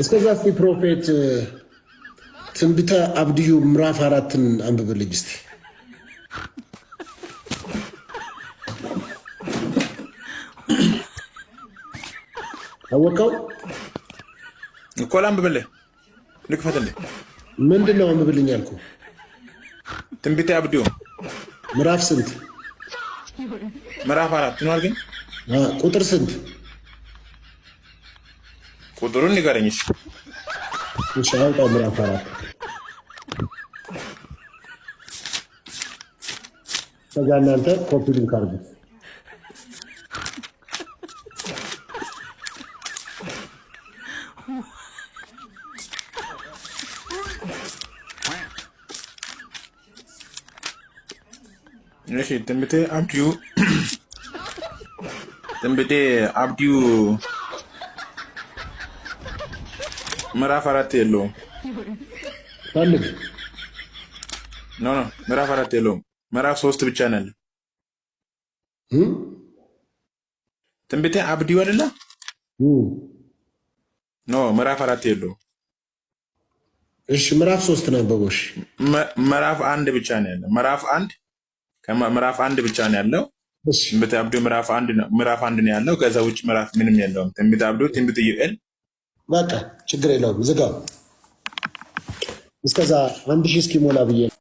እስከዛ እስቲ ፕሮፌት ትንቢተ አብድዩ ምዕራፍ አራትን አንብብልኝ እስቲ። አወቀው እኮ ላንብብልህ፣ ልክፈትልህ። ምንድን ነው አንብብልኝ ያልኩ? ትንቢተ አብድዩ ምዕራፍ ስንት? ምዕራፍ አራት ነው አልከኝ። ቁጥር ስንት? Κουδουρούν οι καρενείς. Μισό τα μπραφαρά. Θα κάνετε κόπη την κάρτα. Neyse, tembete abdiu. Tembete abdiu ምዕራፍ አራት የለውም። ፈልግ። ኖ ኖ፣ ምዕራፍ አራት የለውም። ምዕራፍ ሶስት ብቻ ነው ያለው። ትንቢተ አብድዩ አይደለ? ኖ ምዕራፍ አራት የለውም። እሺ ምዕራፍ ሶስት ነበቦሽ ምዕራፍ አንድ ብቻ ነው ያለው። ምዕራፍ አንድ ምዕራፍ አንድ ብቻ ነው ያለው። ትንቢተ አብድዩ ምዕራፍ አንድ ነው ያለው። ከዛ ውጭ ምዕራፍ ምንም የለውም። ትንቢተ አብድዩ፣ ትንቢተ ዩኤል በቃ ችግር የለውም ዝጋው። እስከዛ አንድ ሺህ እስኪሞላ ብዬ